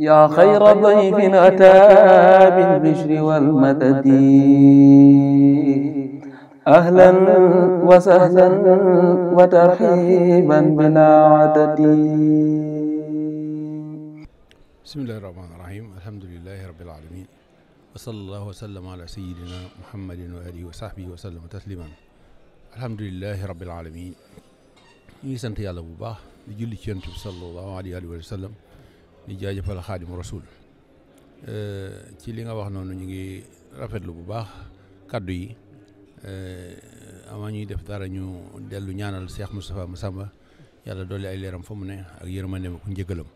yaa xayra dayfin ataa bil bishri wal madadi ahlan wa sahlan wa tarxiiban bilaa adadi. bismillaahi rahmaani rahiim alhamdulillaahi rabbil aalamiin wa sallallaahu wa sallam alaa sayyidinaa Muhammadin wa aalihi wa sahbihi wa sallam tasliiman alhamdulillaahi rabbil aalamiin ñu ngi sant yàlla bu baax di julli ci Yonent bi sallallaahu alayhi wa sallam di jaajëfal xaadimu rasul euh, ci li nga wax noonu ñu ngi rafetlu bu baax kàddu yi euh, ama ñuy def dara ñu dellu ñaanal Cheikh Moustapha Massamba yàlla doole ay leeram fa mu ne ak yërmandeem ku njëgalam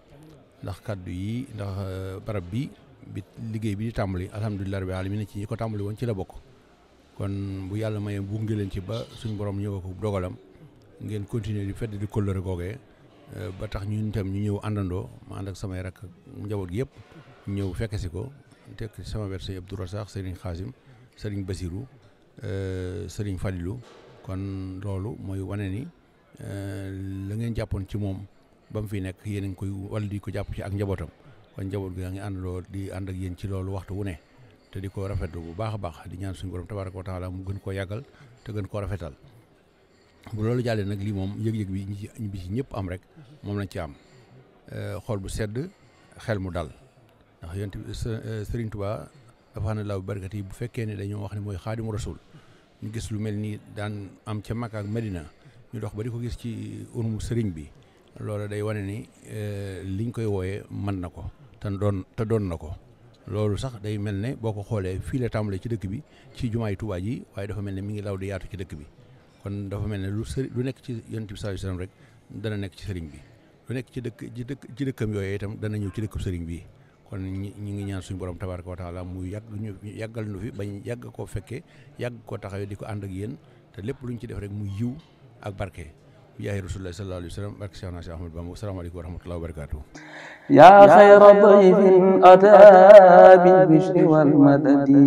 ndax kàddu yi ndax euh, barab bi bi liggéey bi di tàmbali alhamdulilah rabbil alamin ci ñi ko tàmbali woon ci la bokk kon bu yàlla mayee bu ngi leen ci ba suñu borom ñëw ko dogalam ngeen continuer di fedd di kóllëre googee Euh, ba tax ñun tam ñu ñëw àndandoo ma ànd ak samay rakk njaboot gi yëpp ñëw fekke si ko tekk sama wet sëñ Abdou Rassakh sëriñ Xaasim sëriñ Basiru euh, sëriñ Falilu kon loolu mooy wane ni euh, la ngeen jàppoon ci moom ba mu fi nekk yéen a ngi koy wala di ko jàpp ci ak njabootam kon njaboot gi yaa ngi di ànd ak yéen ci loolu waxtu wu ne te di ko rafetlu bu baax a baax di ñaan suñu borom tabaaraka wa taala mu gën koo yàggal te gën koo rafetal bu loolu jàllee nag lii moom yëg-yëg bi ñi si bi ñëpp am rek moom lañ ci am euh, xol bu sedd xel mu dal ndax euh, Sëriñ euh, Tuubaa dafa xam ne laaw barkat yi bu fekkee ne dañoo wax ne mooy xaadimu rasul ñu gis lu mel ni daan am ca Makka ak Medina ñu dox ba di ko gis ci urmu sëriñ bi loolu day wane ni liñ koy wooyee mën na ko te doon te doon na ko loolu sax day mel ne boo ko xoolee fii la tàmbalee ci dëkk bi ci jumaay Tuubaa ji waaye dafa mel ni mi ngi law di yaatu ci dëkk bi kon dafa mel ne lu sëri lu nekk ci yonent bi sallallahu alayhi wasallam rek dana nekk ci sëriñ bi lu nekk ci dëkk ci dëkk ci dëkkam yooyu itam dana ñëw ci dëkkam sëriñ bi kon ñi ñi ngi ñaan suñu borom tabaraka wa taala mu yàgg ñu yàggal nu fi bañ yàgg koo fekkee yàgg koo taxawee di ko ànd ak yéen te lépp lu ñu ci def rek mu yiw ak barke yaayi rasulullah sallallahu alayhi wa sallam barke Seexna Seex Ahmadu Bamba assalaamu aleykum wa rahmatullahi wa barakaatuh yaa xayra dayfin ataa bil bishri wal madadi